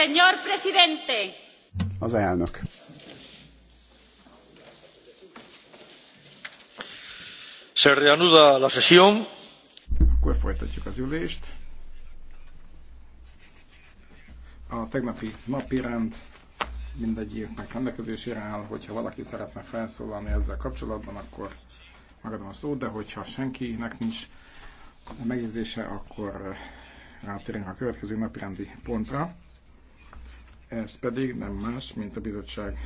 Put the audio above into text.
Señor presidente. Az elnök. Se reanuda la sesión. Akkor folytatjuk az ülést. A tegnapi napirend rend mindegyiknek rendelkezésére áll, hogyha valaki szeretne felszólalni ezzel kapcsolatban, akkor megadom a szót, de hogyha senkinek nincs megjegyzése, akkor rátérünk a következő napirendi pontra. Ez pedig nem más, mint a bizottság